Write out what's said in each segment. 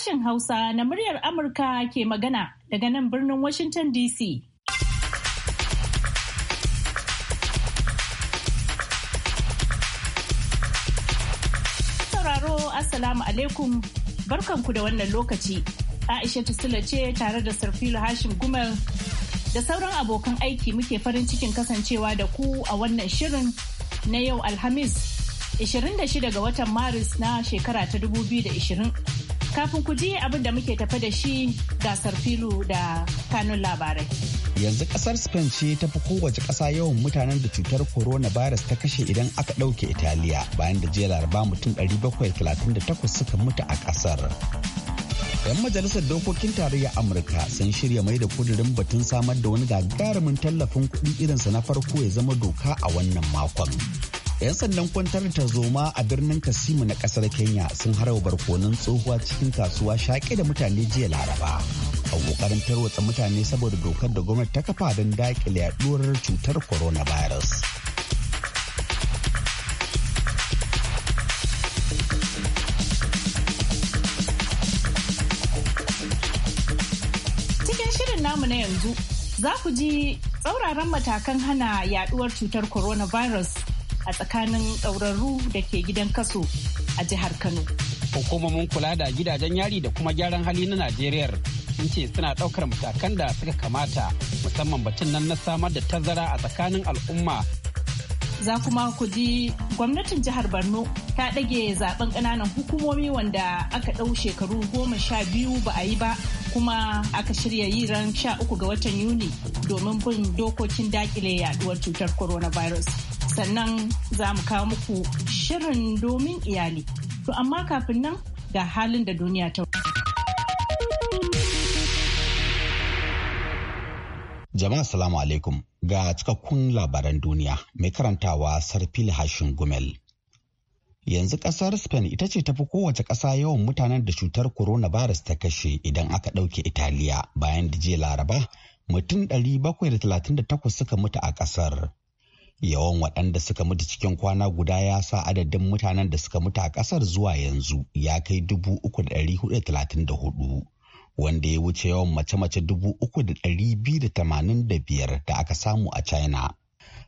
Sashen Hausa na muryar Amurka ke magana daga nan birnin Washington DC. Sauraro Assalamu alaikum barkanku da wannan lokaci. Aisha Tusula ce tare da Sarfilu Hashim Gumel da sauran abokan aiki muke farin cikin kasancewa da ku a wannan shirin na yau Alhamis 26 ga watan Maris na shekara ta 2020. Kafin ku ji abin da muke tafi da shi gasar filu da kanun labarai. Yanzu kasar Spain ce ta fi kowace ƙasa yawan mutanen da cutar corona coronavirus ta kashe idan aka ɗauke Italiya bayan da jiya laraba mutum 738 suka mutu a ƙasar. 'Yan majalisar dokokin tarayya Amurka sun shirya mai da kudurin batun samar da wani gagarumin tallafin kuɗi irinsa na farko ya zama doka a wannan makon. 'Yan sandan kwantar tarzoma a birnin Kasimu na kasar Kenya sun harba barkonon tsohuwa cikin kasuwa shaƙe da mutane jiya Laraba. A ƙoƙarin tarwatsa mutane saboda dokar da gwamnati ta kafa don daƙile yaɗuwar cutar coronavirus. Cikin shirin namu na yanzu, za ku ji tsauraran matakan hana yaduwar cutar coronavirus a tsakanin ɗaurarru da ke gidan kaso a jihar Kano. Hukumomin kula da gidajen yari da kuma gyaran hali na Najeriya sun ce suna ɗaukar matakan da suka kamata musamman batun nan na samar da tazara a tsakanin al'umma za kuma ku ji gwamnatin jihar borno ta ɗage zaben ƙananan hukumomi wanda aka ɗau shekaru goma sha biyu ba a yi ba kuma aka shirya yi ran sha uku ga watan yuni domin bin dokokin dakile yaduwar cutar coronavirus sannan za mu kawo muku shirin domin iyali. To amma kafin nan ga halin da duniya ta Jama'a salamu alaikum ga cikakkun labaran duniya mai karantawa Sarfil Hashin Gumel. yanzu ƙasar spain ita ce tafi kowace ƙasa yawan mutanen da cutar corona coronavirus ta kashe idan aka ɗauke italiya bayan da jiya laraba mutum 738 suka mutu a ƙasar yawan waɗanda suka mutu cikin kwana guda ya sa adadin mutanen da suka mutu a ƙasar zuwa yanzu ya kai 3,434 wanda ya wuce yawan mace-mace 3,285 da da biyar aka samu a china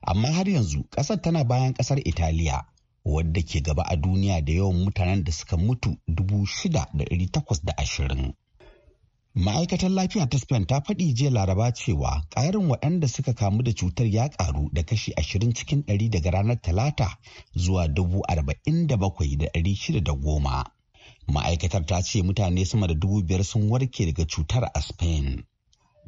amma har yanzu ƙasar tana bayan ƙasar italiya wadda ke gaba a duniya da yawan mutanen da suka mutu da ashirin. Ma'aikatar lafiya ta Spain ta faɗi jiya laraba cewa ƙarin waɗanda suka kamu da cutar ya ƙaru da kashi ashirin cikin ɗari daga ranar talata zuwa dubu arba'in da bakwai da ɗari shida da goma. Ma'aikatar ta ce mutane sama da dubu biyar sun warke daga cutar a Spain.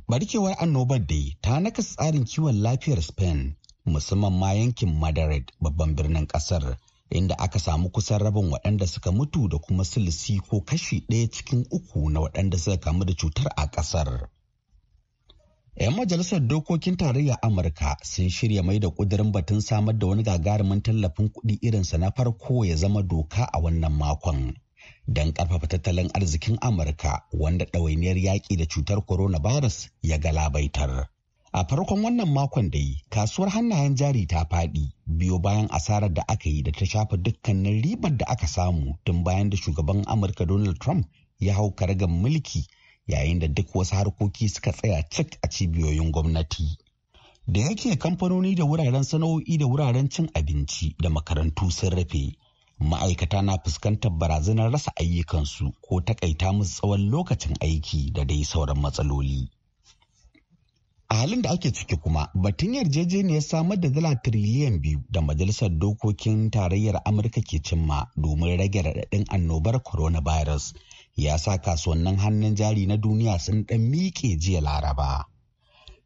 Barkewar annobar dai ta nakasa tsarin kiwon lafiyar Spain musamman ma yankin Madrid babban birnin ƙasar. inda aka samu kusan rabin waɗanda suka mutu da kuma silisi ko kashi ɗaya cikin uku na waɗanda suka kamu da cutar a ƙasar. 'Yan majalisar dokokin tarayya Amurka sun shirya mai da ƙudurin batun samar da wani gagarumin tallafin kuɗi irinsa na farko ya zama doka a wannan makon. Don ƙarfafa tattalin arzikin Amurka wanda ɗawainiyar yaƙi da cutar coronavirus ya galabaitar. A farkon wannan makon da yi, kasuwar hannayen jari ta faɗi biyo bayan asarar da aka yi da ta shafa dukkanin ribar da aka samu tun bayan da shugaban Amurka Donald Trump ya hau karagar mulki yayin da duk wasu harkoki suka tsaya cik a cibiyoyin gwamnati. Da yake kamfanoni da wuraren sana'o'i da wuraren cin abinci da makarantu sun rufe, ma'aikata na fuskantar barazanar rasa ayyukansu ko takaita musu tsawon lokacin aiki da dai sauran matsaloli. a halin da ake ciki kuma batun yarjejeniyar samar da dala tiriliyan biyu da majalisar dokokin tarayyar amurka ke cimma domin rage raɗaɗin annobar coronavirus ya sa kasuwannin hannun jari na duniya sun ɗan miƙe jiya laraba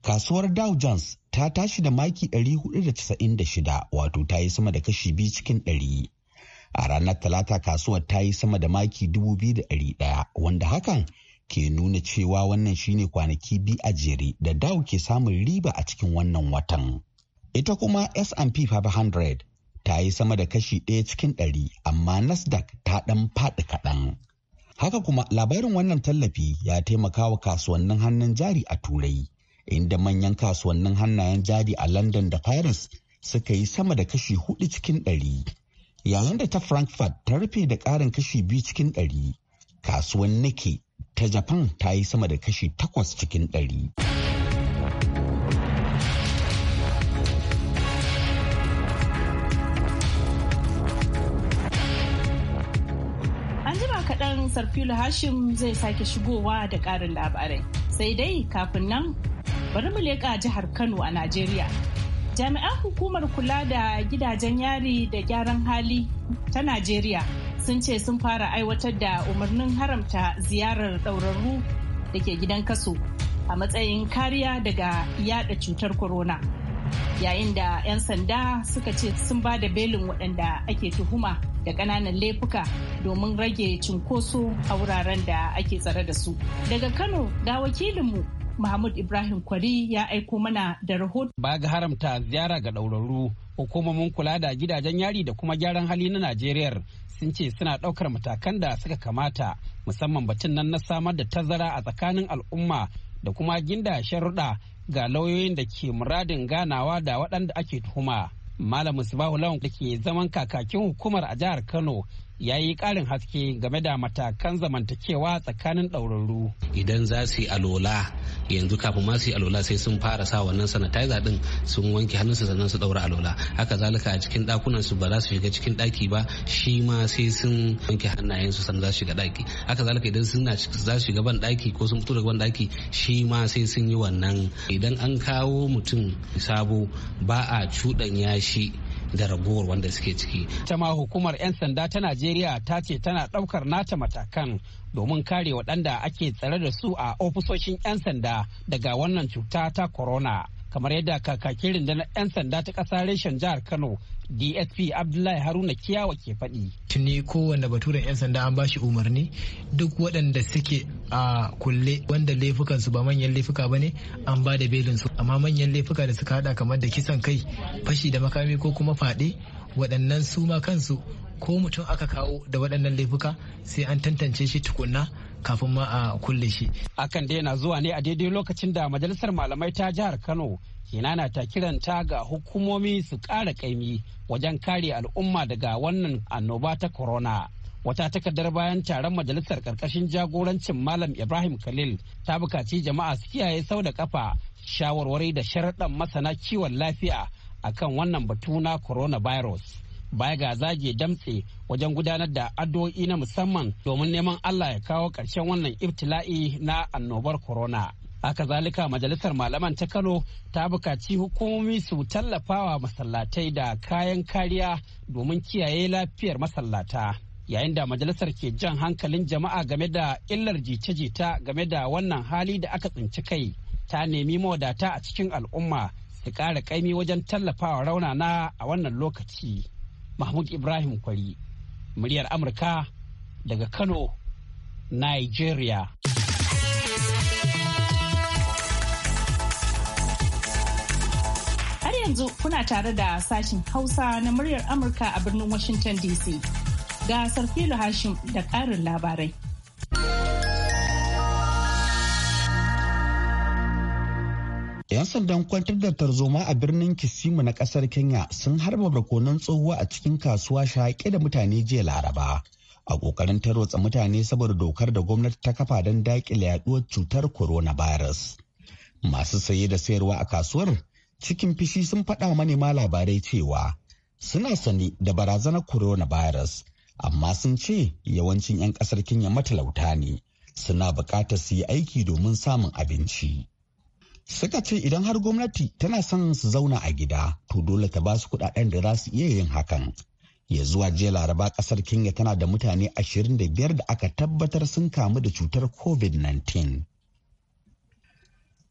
kasuwar dow jones ta tashi da maki 496 wato ta yi sama da kashi biyu cikin ɗari. a ranar talata kasuwar ta yi sama da maki 2,100 wanda hakan ke nuna cewa wannan shine kwanaki biyu a jere da dau ke samun riba a cikin wannan watan. Ita kuma S&P 500 ta yi sama da kashi ɗaya cikin ɗari amma Nasdaq ta ɗan faɗi kaɗan. Haka kuma labarin wannan tallafi ya taimaka wa kasuwannin hannun jari a Turai, inda manyan kasuwannin hannayen jari a London da Paris suka yi sama da kashi hudu cikin ɗari. Yayin da ta Frankfurt ta rufe da ƙarin kashi biyu cikin ɗari, kasuwan Nike ta Japan ta yi sama da kashi takwas cikin ɗari. kaɗan sarfilu hashim zai sake shigowa da ƙarin labarai sai dai kafin nan bari mu leƙa jihar kano a najeriya jami'an hukumar kula da gidajen yari da gyaran hali ta najeriya sun ce sun fara aiwatar da umarnin haramta ziyarar ɗaurarru da ke gidan kaso a matsayin kariya daga yada cutar corona yayin da 'yan sanda suka ce sun ba da belin waɗanda ake tuhuma da ƙananan laifuka domin rage cinkoso a wuraren da ake tsare da su daga kano ga wakilinmu Mahmud Ibrahim Kwari ya aiko mana da rahoto. Ba ga haramta ziyara ga ɗaurarru, hukumomin kula da gidajen yari da kuma gyaran hali na Najeriya sun ce suna ɗaukar matakan da suka kamata musamman batun nan na samar da tazara a tsakanin al'umma da kuma ginda sharuɗa ga lauyoyin da ke muradin ganawa da waɗanda ake tuhuma. Malam Musbahu Lawan da ke zaman kakakin hukumar a jihar Kano ya yi ƙarin haske game da matakan zamantakewa tsakanin ɗaurarru. Idan za su yi alola yanzu kafin ma su yi alola sai sun fara sa wannan sanitizer din sun wanke hannunsu sannan su ɗaura alola. Haka zalika a cikin ɗakunan su ba za su shiga cikin ɗaki ba shi ma sai sun wanke hannayensu sannan za su shiga ɗaki. Haka zalika idan suna za su shiga ban ɗaki ko sun fito daga ban ɗaki shi ma sai sun yi wannan. Idan an kawo mutum sabo ba a cuɗanya shi da ragowar wanda suke ciki. Ta ma hukumar 'yan sanda ta Najeriya ta ce tana ɗaukar nata matakan domin kare waɗanda ake tsare da su a ofisoshin 'yan sanda daga wannan cuta ta corona. Kamar yadda kakakin rundunar 'yan sanda ta ƙasa reshen jihar Kano dsp abdullahi haruna kiyawa ke faɗi. tuni kowanne baturen 'yan sanda an bashi umarni duk waɗanda suke a kulle wanda laifukansu ba manyan laifuka ba ne an ba da su amma manyan laifuka da suka hada kamar da kisan kai fashi da makami ko kuma faɗe waɗannan su ma kansu ko mutum aka kawo da waɗannan laifuka sai an tantance shi tukunna kafin ma a kulle shi. Akan dai na zuwa ne a daidai lokacin da majalisar malamai ta jihar Kano kinana ta kiranta ga hukumomi su ƙara ƙaimi wajen kare al'umma daga wannan annoba ta corona wata takardar bayan taron majalisar ƙarƙashin jagorancin malam ibrahim khalil ta bukaci jama'a su kiyaye sau da kafa shawarwari da sharaɗan masana kiwon lafiya akan wannan batu na coronavirus baya ga zage damtse wajen gudanar da addu'o'i na musamman domin neman allah ya kawo ƙarshen wannan ibtila'i na annobar corona haka zalika majalisar malaman ta kano ta bukaci hukumomi su tallafawa masallatai da kayan kariya domin kiyaye lafiyar masallata yayin da majalisar ke jan hankalin jama'a game da illar jita-jita game da wannan hali da aka tsinci kai ta nemi mawadata a cikin al'umma su ƙara ƙaimi wajen tallafawa raunana a wannan lokaci mahmud ibrahim kwari muryar amurka daga kano nigeria Har yanzu kuna tare da sashin Hausa na muryar Amurka a birnin Washington DC. Ga Sarfilo Hashim da ƙarin labarai. yan sandan kwantar da tarzoma a birnin kisimu na ƙasar kenya sun harba barkonon tsohuwa a cikin kasuwa shaƙe da mutane jiya laraba a ƙoƙarin tarotsa mutane saboda dokar da gwamnati ta kafa don daƙile yaduwar cutar coronavirus masu saye da sayarwa a kasuwar cikin fishi sun faɗa manema labarai cewa suna sani da barazanar coronavirus amma sun ce yawancin 'yan ƙasar kinya matalauta ne suna buƙatar su yi aiki domin samun abinci suka ce idan har gwamnati tana son su zauna a gida to dole ta ba su kudaden da za su iya yin hakan ya zuwa jiya laraba ƙasar kinya tana da mutane 25 da aka tabbatar sun kamu da cutar covid-19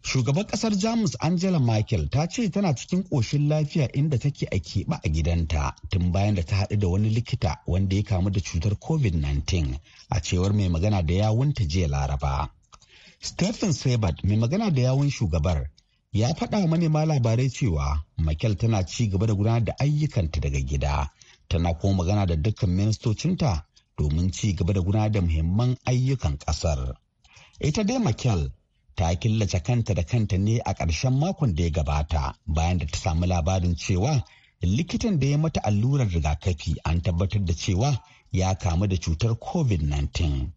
Shugaban kasar Jamus Angela Merkel ta ce tana cikin ƙoshin lafiya inda take a keɓe a gidanta tun bayan da ta haɗu da wani likita wanda ya kamu da cutar COVID-19 a cewar mai magana da yawunta jiya Laraba. Stephen Sebert mai magana da yawun shugabar ya faɗa wa manema labarai cewa Merkel tana ci gaba da gudanar da ayyukanta daga gida. Tana kuma magana da dukkan ministocinta domin ci gaba da gudanar da muhimman ayyukan ƙasar. Ita dai Merkel ta killace kanta da kanta ne a ƙarshen makon da ya gabata bayan da ta samu labarin cewa likitan da ya mata allurar rigakafi an tabbatar da cewa ya kamu da cutar covid-19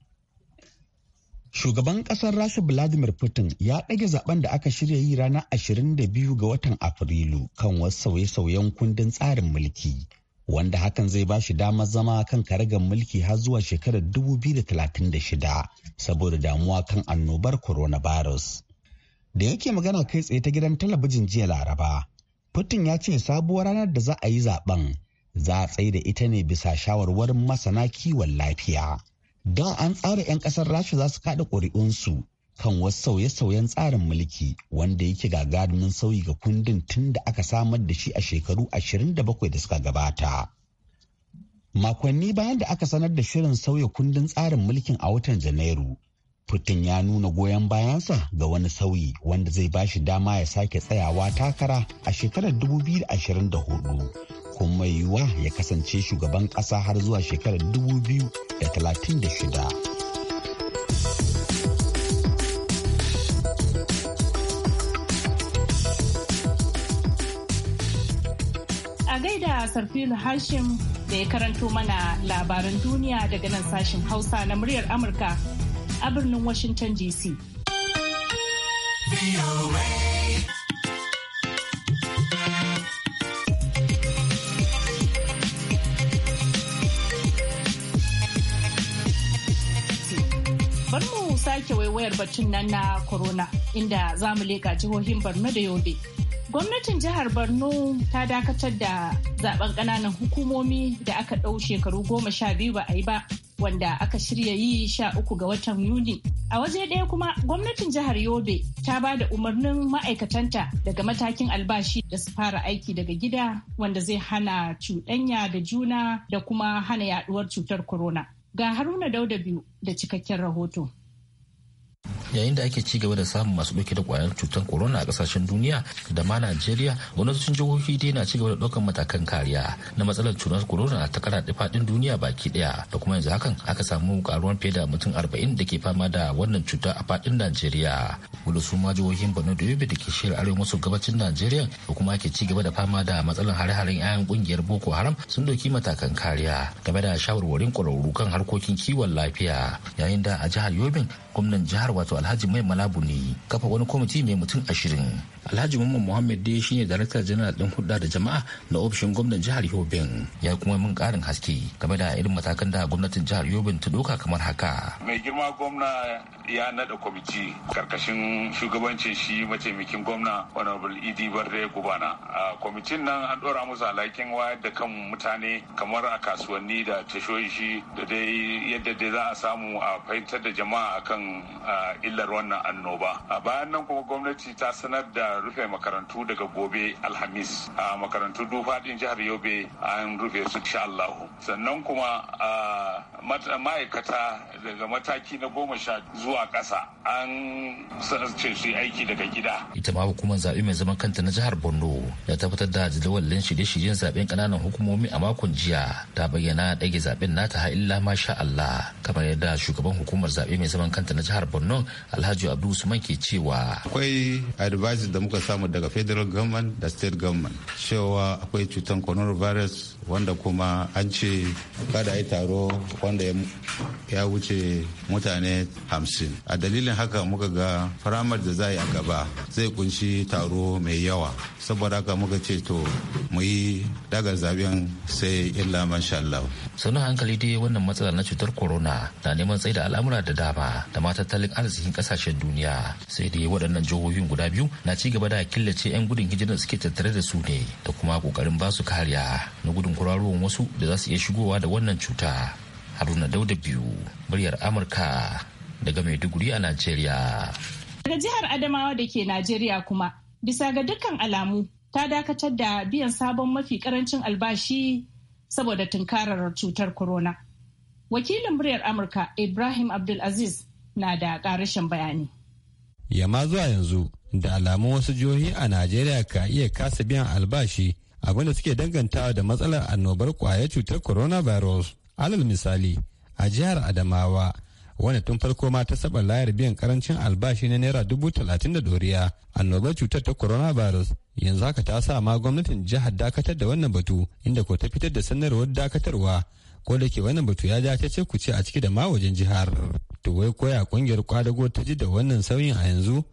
shugaban ƙasar rasha vladimir putin ya ɗage zaben da aka shirya yi ranar 22 ga watan afrilu kan wasu sauye-sauyen kundin tsarin mulki wanda hakan zai ba shi damar zama kan karagar mulki har zuwa shekarar 2036 saboda damuwa kan annobar coronavirus. Da yake magana kai tsaye ta gidan talabijin jiya Laraba, Putin ya ce sabuwar ranar da za a yi zaben za a tsaye da ita ne bisa shawarwarin masana kiwon lafiya. Da an tsara 'yan kasar Rasha za su kada ƙuri'unsu kan wasu sauye-sauyen tsarin mulki wanda yake gagarumin sauyi ga kundin tun da aka samar da shi a shekaru 27 da suka gabata. Makonni bayan da aka sanar da shirin sauya kundin tsarin mulkin a watan Janairu, Putin ya nuna goyon bayansa ga wani sauyi wanda zai ba shi dama ya sake tsayawa takara a shekarar 2024 kuma yiwuwa ya kasance shugaban ƙasa har zuwa shekarar 2036. sarfil Hashim da ya karanto mana labaran duniya daga nan sashen Hausa na muryar Amurka a birnin Washington DC. Bar sake waiwayar batun nan na corona inda za mu leƙa jihohin Borno da Yobe. Gwamnatin jihar Borno ta dakatar da zaben ƙananan hukumomi da aka ɗau shekaru goma sha biyu ba a yi ba wanda aka shirya yi sha uku ga watan Yuni. A waje ɗaya kuma gwamnatin jihar Yobe ta ba da umarnin ma'aikatanta daga matakin albashi da su fara aiki daga gida wanda zai hana cuɗanya da juna da kuma hana yaɗuwar cutar corona. Ga Haruna Dauda biyu da cikakken rahoto. yayin da ake cigaba da samun masu ɗauke da kwayar cutar corona a kasashen duniya da ma najeriya gwamnatocin jihohi dai na cigaba da ɗaukar matakan kariya na matsalar cutar corona ta da fadin duniya baki daya da kuma yanzu hakan aka samu karuwar fiye da mutum arba'in da ke fama da wannan cuta a fadin najeriya wanda su ma jihohin borno da yobe da ke shirya arewa maso gabacin najeriya da kuma ake cigaba da fama da matsalar hare-haren 'ya'yan kungiyar boko haram sun ɗauki matakan kariya game da shawarwarin kwararru kan harkokin kiwon lafiya yayin da a jihar yobin gwamnan jihar wato alhaji mai malabu ne kafa wani kwamiti mai mutum ashirin alhaji mamman muhammad dai shine darakta janar din hudu da jama'a na ofishin gwamnan jihar yobin ya kuma min karin haske game da irin matakan da gwamnatin jihar yobin ta doka kamar haka mai girma gwamna ya nada kwamiti karkashin shugabancin shi mataimakin gwamna honorable idi ya gubana a kwamitin nan an ɗora musu alhakin wayar da kan mutane kamar a kasuwanni da tashoshi da dai yadda dai za a samu a fahimtar da jama'a akan illar wannan annoba a bayan nan kuma gwamnati ta sanar da rufe makarantu daga gobe alhamis a makarantu dufaɗin jihar yobe an rufe su sha allahu sannan kuma ma'aikata daga mataki na goma sha zuwa ƙasa an ce su yi aiki daga gida ita ma hukumar zaɓe mai zaman kanta na jihar borno ya ta da jadawalin shirye-shiryen zaɓen ƙananan hukumomi a makon jiya ta bayyana ɗage zaɓen nata ha illa sha allah kamar yadda shugaban hukumar zaɓe mai zaman kanta na jihar borno alhaji abdu usman ke cewa akwai advice da muka samu daga federal government da state government cewa akwai cutar coronavirus wanda kuma an ce kada yi taro wanda ya wuce mutane hamsin a dalilin haka muka ga firamar da za yi a gaba zai kunshi taro mai yawa saboda haka muka ce to mu yi daga zaben sai illa masha Allah. sannan hankali dai wannan matsala na cutar corona na neman tsaida al'amura da dama da matattalin tattalin arziki cikin kasashen duniya sai dai waɗannan jihohin guda biyu na ci gaba da killace 'yan gudun hijirar suke tattare da su ne da kuma kokarin ba su kariya na gudun kwararowar wasu da za su iya shigowa da wannan cuta haruna dauda biyu muryar amurka daga maiduguri a najeriya daga jihar adamawa da ke najeriya kuma bisa ga dukkan alamu ta dakatar da biyan sabon mafi karancin albashi saboda tunkarar cutar corona wakilin muryar amurka ibrahim abdulaziz na da ƙarashin bayani. Yama zuwa yanzu da alamun wasu jihohi a Najeriya ka iya kasa biyan albashi abinda suke dangantawa da matsalar annobar kwayar cutar coronavirus. Alal misali a jihar Adamawa wanda tun farko ma ta saba layar biyan karancin albashi na naira dubu talatin da doriya annobar cutar ta coronavirus yanzu haka ta sa ma gwamnatin jihar dakatar da wannan batu inda ko ta fitar da sanarwar dakatarwa ko da ke wannan batu ya ja ta ce ku ce a ciki da ma wajen jihar to wai koya kungiyar kwadago ta ji da wannan sauyin a yanzu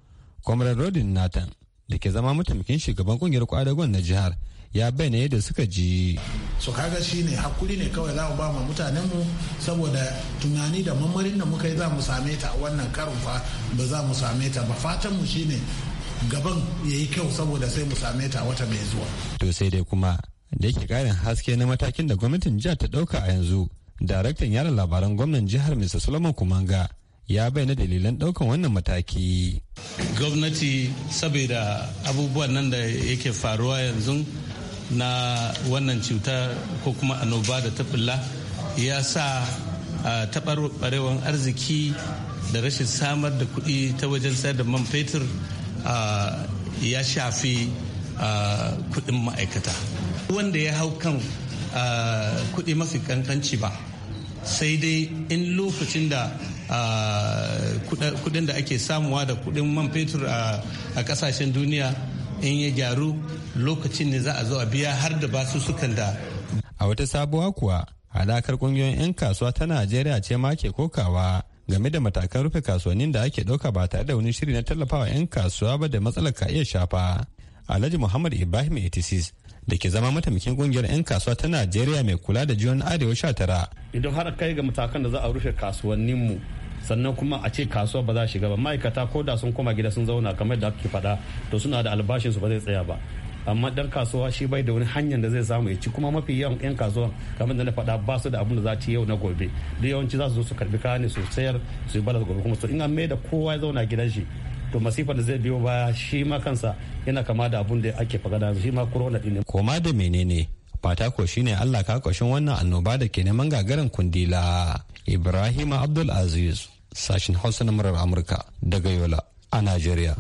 comrade rodin nathan da ke zama mataimakin shugaban kungiyar kwadagon na jihar ya bayyana yadda suka ji so kaga shi ne hakuri ne kawai za mu ba mu mutanen mu saboda tunani da mamarin da muka yi za mu same ta a wannan karin fa ba za mu same ta ba fatan mu shine gaban yayi kyau saboda sai mu same ta wata mai zuwa to sai dai kuma da yake karin haske na matakin da gwamnatin jihar ta dauka a yanzu daraktan yara labaran gwamnan jihar mr solomon kumanga ya bayyana dalilan daukan wannan mataki gwamnati saboda abubuwan nan da yake faruwa yanzu na wannan cuta ko kuma annoba da ta ya sa taɓarɓarewar arziki da rashin samar da kuɗi ta wajen sayar da man fetur ya shafi kuɗin ma'aikata wanda ya hau kan ah, kuɗi mafi kankanci ba sai dai in lokacin da ah, kuɗin da ake samuwa da kuɗin man fetur a ƙasashen duniya in ya gyaru lokacin ne za a zo a biya har da basussukan da a wata sabuwa kuwa hadakar kungiyoyin 'yan kasuwa ta najeriya ce ma ke kokawa game da matakan rufe kasuwannin da ake ɗauka ba tare da wani shiri na tallafawa 'yan kasuwa ba da matsalar ka iya shafa alhaji muhammad ibrahim 86 da ke zama mataimakin kungiyar 'yan kasuwa ta najeriya mai kula da jiyon arewa tara. idan har kai ga matakan da za a rufe kasuwanninmu sannan kuma a ce kasuwa ba za a shiga ba ma'aikata ko da sun koma gida sun zauna kamar da ake faɗa to suna da albashin su ba zai tsaya ba amma dan kasuwa shi bai da wani hanyar da zai samu ya ci kuma mafi yawan yan kasuwa kamar da na faɗa ba su da abin da za ci yau na gobe duk yawanci za su zo su karbi kaya ne su sayar su yi bala gobe kuma su in an mai da kowa ya zauna gidan shi to masifa da zai biyo baya shi ma kansa yana kama da abun da ake fagada shi ma corona din koma da menene fata ko shine Allah ka kwashin wannan annoba da ke neman gagarin kundila Ibrahim Abdul Aziz sashin Hausa na murar Amurka daga Yola a Najeriya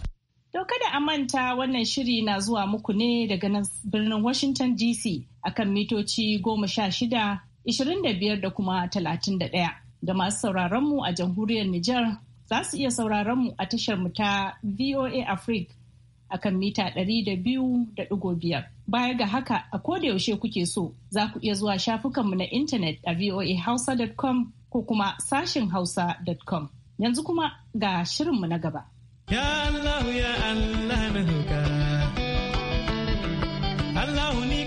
To kada a manta wannan shiri na zuwa muku ne daga nan birnin Washington DC akan mitoci goma sha shida, ishirin da biyar da kuma talatin da masu Ga masu sauraronmu a jamhuriyar Nijar za su iya sauraron mu a tashar mu ta VOA Africa akan mita 200.5. Baya ga haka a koda yaushe kuke so za ku iya zuwa shafukanmu na intanet a voahausa.com ko kuma sashin hausa.com. Yanzu kuma ga shirin mu na gaba. Allah ya Allah na Allah ni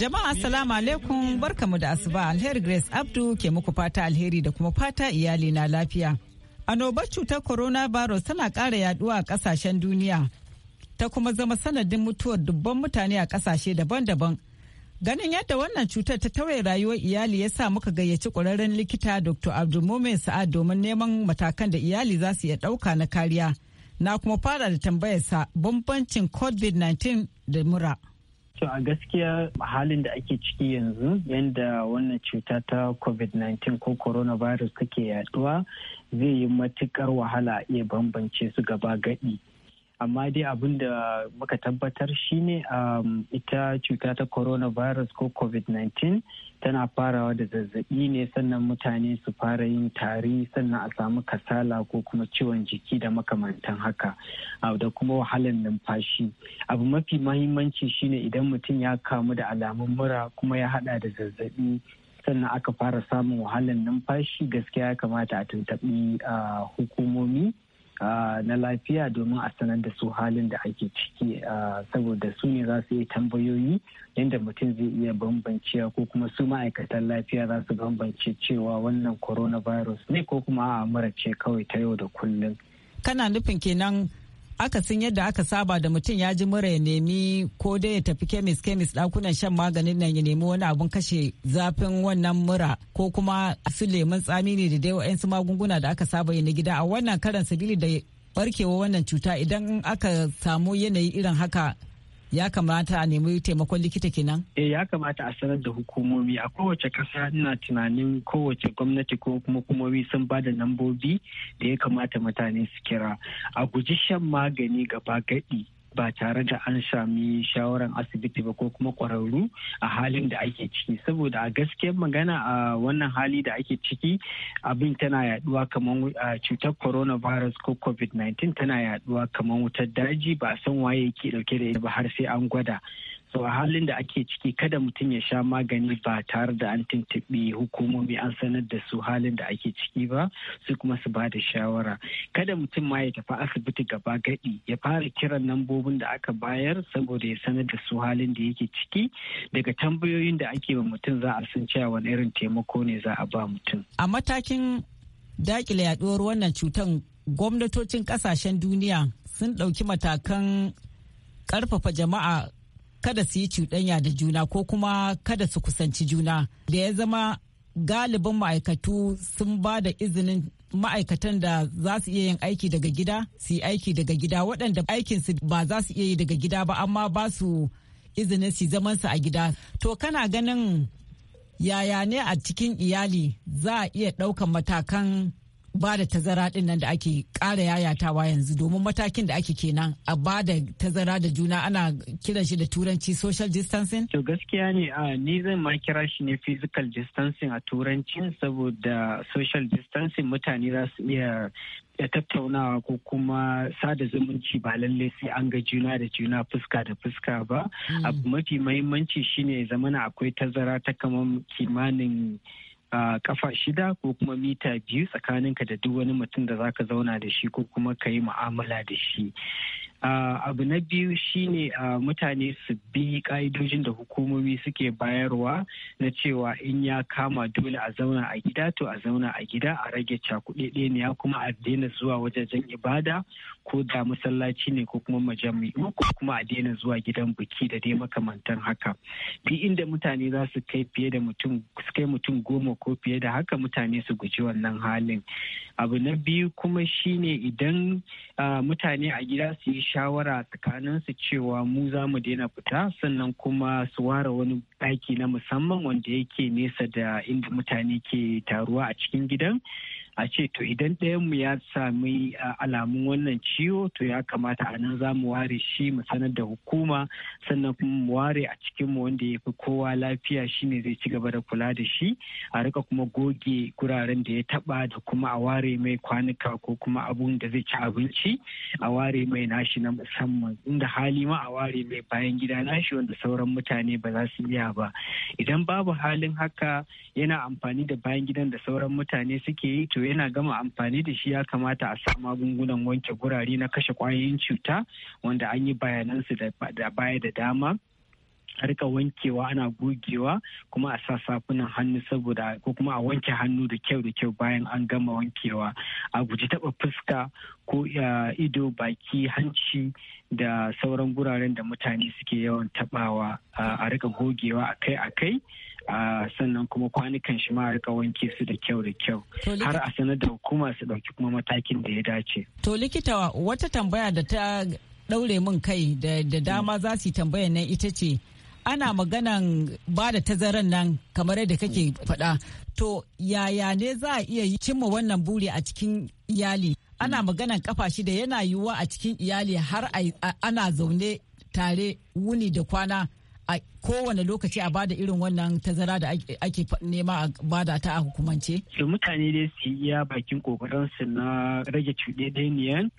Jama'a assalamu alaikum barkamu da asuba alheri Grace Abdu ke muku fata alheri da kuma fata iyali na lafiya. Annobar cutar corona coronavirus tana kara yaduwa a ƙasashen duniya ta kuma zama sanadin mutuwar dubban mutane a kasashe daban-daban. Ganin yadda wannan cutar ta tauye rayuwar iyali ya sa muka gayyaci ƙwararren likita Dr. Abdulmumin Sa'ad domin neman matakan da iyali za su iya ɗauka na kariya. Na kuma fara da tambayarsa bambancin COVID-19 da mura. To a gaskiya halin da ake ciki yanzu yadda wannan cuta ta COVID-19 ko coronavirus take yaduwa zai yi matukar wahala iya bambance su gaba gadi. amma dai abin da muka tabbatar shine um, ita cuta ta coronavirus ko covid-19 tana farawa da zazzabi ne sannan mutane su fara yin tari sannan a samu kasala ko kuma ciwon jiki da makamantan haka da kuma wahalar numfashi abu mafi mahimmanci shine idan mutum ya kamu da alamun mura kuma ya hada da zazzabi sannan aka fara samun wahalar numfashi gaskiya ya kamata a tuntaɓi uh, hukumomi na lafiya domin a sanar da su halin da ake ciki saboda su ne za su yi tambayoyi yadda mutum zai iya bambancewa ko kuma su ma'aikatan lafiya za su bambance cewa wannan coronavirus ne ko kuma a mura ce kawai ta yau da kullum. kana nufin kenan akasin yadda aka saba da mutum ya ji mura ya nemi ko dai ya tafi kemis kemis dakunan shan maganin nan ya nemi wani abun kashe zafin wannan mura ko kuma su lemun tsami ne da dai wa'yansu magunguna da aka saba yi na gida a wannan karan sabili da barkewa wannan cuta idan aka samu yanayi irin haka ya kamata a nemi taimakon likita kenan? Eh ya kamata a sanar da hukumomi a kowace kasa ina tunanin kowace gwamnati ko kuma hukumomi sun ba da nambobi da ya kamata mutane su kira. A guji shan magani gaba gadi ba tare da an sami shawarar asibiti ba ko kuma ƙwararru a halin da ake ciki saboda a gaskiyar magana a wannan hali da ake ciki abin tana yaduwa kamar cutar coronavirus ko covid-19 tana yaduwa kamar wutar daji ba san waye ke dauke da ita ba har sai an gwada so a halin da ake ciki kada mutum ya sha magani ba tare da an tuntuɓi hukumomi an sanar da su halin da ake ciki ba su kuma su ba da shawara kada mutum ma ya tafi asibiti gaba gadi ya fara kiran lambobin da aka bayar saboda ya sanar da su halin da yake ciki daga tambayoyin da ake wa mutum za a san cewa wani irin taimako ne za a ba mutum a matakin dakile yaduwar wannan cutar gwamnatocin ƙasashen duniya sun ɗauki matakan ƙarfafa jama'a kada su yi cuɗanya da juna ko kuma kada su kusanci juna da ya zama galibin ma'aikatu sun ba da izinin ma'aikatan da za su iya yin aiki daga gida su yi aiki daga gida waɗanda aikinsu ba za su iya yi daga gida ba amma ba su izinin su zaman su a gida to kana ganin yaya ne a cikin iyali za a iya ɗaukan matakan ba da tazara din nan da ake kara yayatawa yanzu domin matakin da ake kenan a ba da tazara da juna ana kiran shi da turanci social distancing? To gaskiya ne a ni zan ma kira shi ne physical distancing a turanci saboda social distancing mutane za su iya da tattaunawa ko kuma sada zumunci ba lalle sai an ga juna da juna fuska da fuska ba hmm. abu mafi mahimmanci shine zamana akwai tazara ta kamar kimanin a kafa shida ko kuma mita biyu tsakaninka da duk wani mutum da zaka zauna da shi ko kuma ka yi mu'amala da shi abu na biyu shine mutane su bi ka'idojin da hukumomi suke bayarwa na cewa in ya kama dole a zauna a gida to a zauna a gida a rage ya kuma a daina zuwa wajajen ibada ko da masallaci ne ko kuma majami'u ko kuma a daina zuwa gidan biki da dai makamantan haka bi inda mutane za su kai fiye da mutum su kai mutum goma ko fiye da haka mutane su guji wannan halin abu na biyu kuma shine idan mutane a gida su yi shawara tsakaninsu cewa mu za mu daina fita sannan kuma su ware wani ɗaki na musamman wanda yake nesa da inda mutane ke taruwa a cikin gidan a ce to idan mu ya sami alamun wannan ciwo to ya kamata a nan za mu ware shi mu sanar da hukuma sannan kuma mu ware a cikinmu wanda ya fi kowa lafiya shine zai ci gaba da kula da shi a rika kuma goge guraren da ya taba da kuma a ware mai kwanuka ko kuma abun da zai ci abinci a ware mai nashi na musamman inda hali ma a ware mai bayan gida nashi wanda sauran mutane ba za su iya ba idan babu halin haka yana amfani da bayan gidan da sauran mutane suke yi to yana gama amfani da shi ya kamata a sa magungunan wanke gurare na kashe kwayoyin cuta wanda an yi bayanansu da baya da dama harka rika wankewa ana gogewa kuma a sa safunan hannu saboda ko kuma a wanke hannu da kyau da kyau bayan an gama wankewa a guji taba fuska ko ido baki hanci da sauran guraren da mutane suke yawan tabawa a rika gogewa akai-akai sannan kuma kwanukan shi ma rika wanke su da kyau da kyau har a sanar da hukuma su dauki kuma matakin da ya dace to likita wata tambaya da ta daure min kai da dama za su yi nan ita ce ana maganan ba da tazaran nan kamar yadda kake faɗa to yaya ne za a iya cimma wannan buri a cikin iyali ana maganan kafa da yana yiwuwa a cikin iyali har ana zaune tare wuni da kwana a kowane lokaci a bada irin wannan tazara da ake nema a bada ta a hukumance? Da mutane dai su iya bakin su na rage cuɗeɗeniyan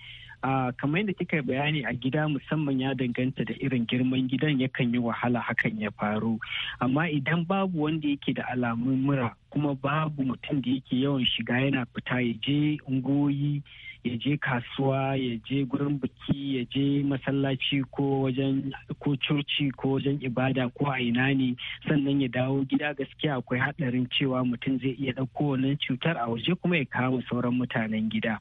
Uh, kamar yadda kika bayani a gida musamman ya danganta da irin girman gidan yakan yi wahala hakan ya faru amma idan babu wanda yake da alamun mura kuma babu mutum da yake yawan shiga yana fita ya je ungoyi ya je kasuwa ya je gurin biki ya je masallaci ko wajen ko coci ko wajen ibada ko a ina ne sannan ya dawo gida gaskiya akwai hadarin cewa mutum zai iya ɗauko wannan cutar a waje kuma ya kama sauran mutanen gida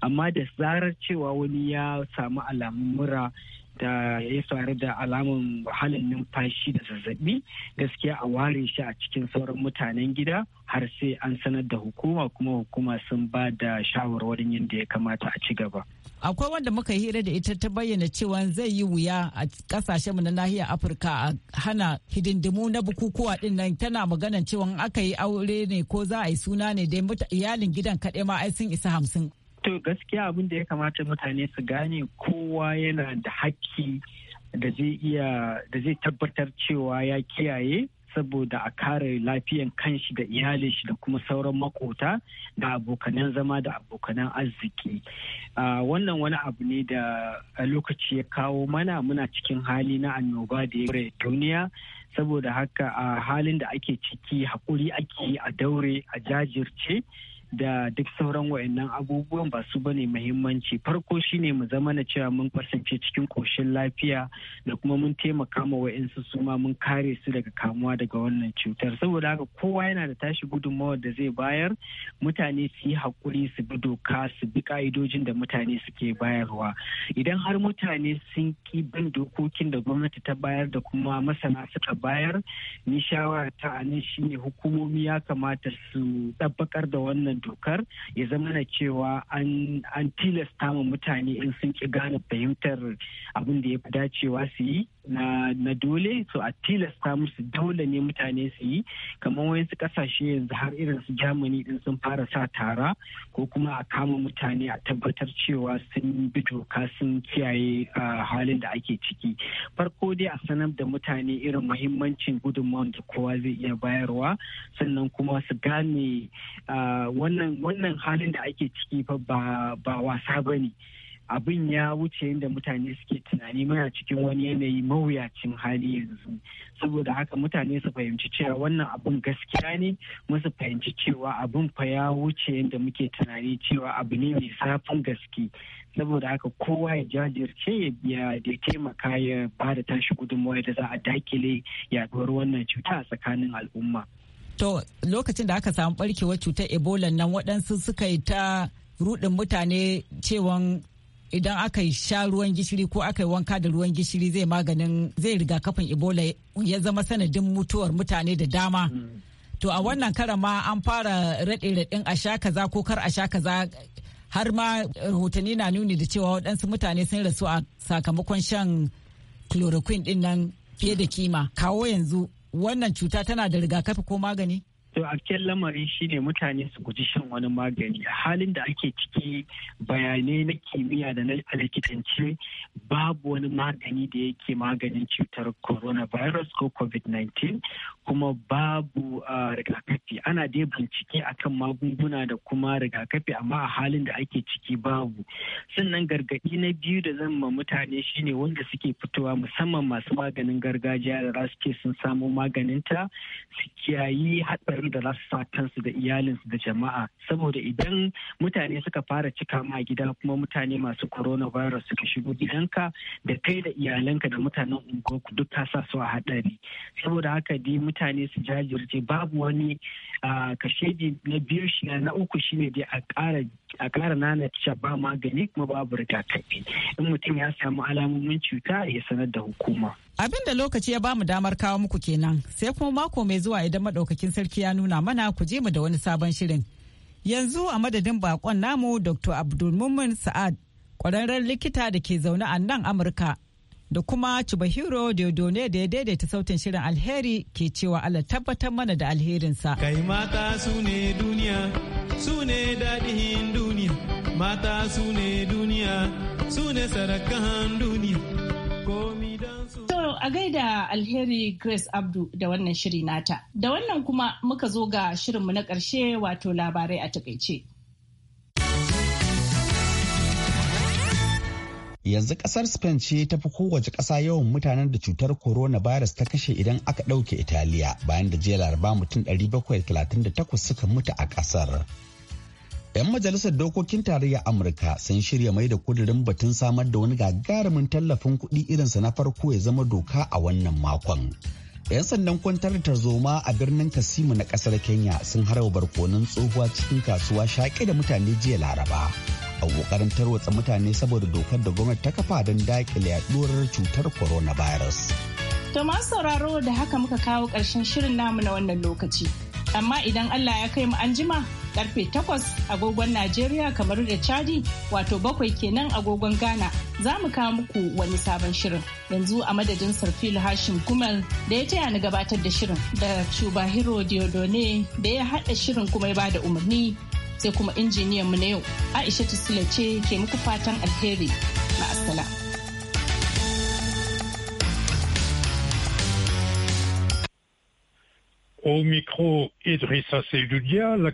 amma da zarar cewa wani ya samu alamun mura da ya faru da alamun halin numfashi da zazzabi gaskiya a ware shi a cikin sauran mutanen gida har sai an sanar da hukuma kuma hukuma sun ba da shawarwarin yadda ya kamata a ci gaba. akwai wanda muka hira da ita ta bayyana cewa zai yi wuya a kasashen mu na nahiyar afirka a hana hidindimu na bukukuwa din nan tana maganan cewa aka yi aure ne ko za a yi suna ne dai iyalin gidan kaɗai ma ai sun isa hamsin To gaskiya abin da ya kamata mutane su gane kowa yana da haƙƙi da zai tabbatar cewa ya kiyaye saboda a kare lafiyan kanshi da iyalin shi da kuma sauran makota da abokanan zama da abokanan arziki wannan wani abu ne da lokaci ya kawo mana muna cikin hali na annoba da ya duniya saboda haka a halin da ake ciki haƙuri ake a daure a jajirce da duk sauran wa'annan abubuwan ba su bane muhimmanci farko shine mu zama na cewa mun kasance cikin koshin lafiya da kuma mun taimaka ma wa'ansu su ma mun kare su daga kamuwa daga wannan cutar saboda haka kowa yana da tashi gudunmawar da zai bayar mutane su yi hakuri su bi doka su bi ka'idojin da mutane suke bayarwa idan har mutane sun ki bin dokokin da gwamnati ta bayar da kuma masana suka bayar ni shawara ta anan shine hukumomi ya kamata su ɗabbakar da wannan dokar ya zamana cewa an tilasta ma mutane in sun ki gane fahimtar abin da ya fi dacewa su yi na, na dole so a tilasta musu dole ne mutane su yi kamar su kasashe yanzu har irin su jamani din sun fara sa tara ko kuma a kama mutane a tabbatar cewa sun bi doka sun kiyaye halin da ake ciki farko dai a sanar da mutane irin muhimmancin gudunmawar da kowa zai iya bayarwa sannan kuma su gane wannan halin da ake ciki ba wasa ba ne abin ya wuce yadda mutane suke tunani muna cikin wani yanayi mawuyacin hali yanzu saboda haka mutane su fahimci cewa wannan abun gaskiya ne musu fahimci cewa abun fa ya wuce yadda muke tunani cewa abu ne mai safin gaske saboda haka kowa ya jajirce ya da taimaka ya ba da tashi gudunmawa da za a dakile yaduwar wannan cuta a tsakanin al'umma. To lokacin da aka samu barkewar cutar Ebola nan waɗansu suka yi ta rudin mutane cewan idan aka sha ruwan gishiri ko aka yi wanka da ruwan gishiri zai maganin zai riga kafin ebola ya zama sanadin mutuwar mutane da dama to a wannan karan ma an fara raɗe-raɗin a sha kaza ko kar a sha kaza har ma rahotanni na nuni da cewa waɗansu mutane sun rasu a sakamakon shan chloroquine ɗin nan fiye da kima kawo yanzu wannan cuta tana da rigakafi ko magani to akken lamari shine mutane su guji shan wani magani a halin da ake ciki bayanai na kimiyya da na likitance babu wani magani da yake maganin cutar coronavirus ko covid-19 kuma babu rigakafi ana dai bincike akan magunguna da kuma rigakafi amma a halin da ake ciki babu sannan gargaɗi na biyu da zan ma mutane shine wanda suke fitowa musamman masu maganin gargajiya da za su sun samo maganinta su kiyayi da za su sa kansu da iyalinsu da jama'a saboda idan mutane suka fara cika ma gida kuma mutane masu coronavirus suka shigo gidanka da kai da iyalanka da mutanen unguwarku duk ka sa su a haɗari saboda haka dai mutane su jajirce babu wani kashedi na biyu shi na uku shine dai a ƙara nana ba magani kuma babu rigakafi in mutum ya samu alamomin cuta ya sanar da hukuma. Abin da lokaci ya ba mu damar kawo muku kenan sai kuma mako mai zuwa idan madaukakin sarki ya nuna mana ku je mu da wani sabon shirin. Yanzu a madadin bakon namu Dr. Abdulmumin Sa'ad kwararren likita da ke zaune a nan Amurka da kuma Chubahiro Diodone da ya daidaita sautin shirin alheri ke cewa Allah tabbatar mana da alherinsa. Kai mata su ne duniya, su ne daɗin duniya, mata su ne duniya, su ne sarakan duniya. Komi sauraro a gaida alheri Grace Abdu da wannan shiri nata. Da wannan kuma muka zo ga shirinmu na ƙarshe wato labarai a takaice. Yanzu ƙasar Spain ce ta fi kowace ƙasa yawan mutanen da cutar coronavirus ta kashe idan aka ɗauke Italiya bayan da jiya laraba mutum 738 suka mutu a ƙasar. 'Yan majalisar dokokin tarayya Amurka sun shirya mai da kudurin batun samar da wani gagarumin tallafin kuɗi irinsa na farko ya zama doka a wannan makon. 'Yan sandan kwantar da tarzoma a birnin Kasimu na ƙasar Kenya sun harba barkonon tsohuwa cikin kasuwa shaƙe da mutane jiya Laraba. A ƙoƙarin tarwatsa mutane saboda dokar da gwamnati ta kafa don daƙile yaɗuwar cutar coronavirus. To masu sauraro da haka muka kawo ƙarshen shirin namu na wannan lokaci. Amma idan Allah ya kai mu an jima karfe 8 agogon Najeriya kamar da Chadi wato bakwai kenan agogon Ghana za mu kawo muku wani sabon shirin. Yanzu a madadin Sarfil Hashim Kumel da ya taya ni gabatar da shirin da Cuba Hero Diodone da ya haɗa shirin kuma ya bada umarni sai kuma injiniyan mu na yau Aisha Tisila ce ke muku fatan alheri. na assalamu Au micro, Idrissa Seydoudia, la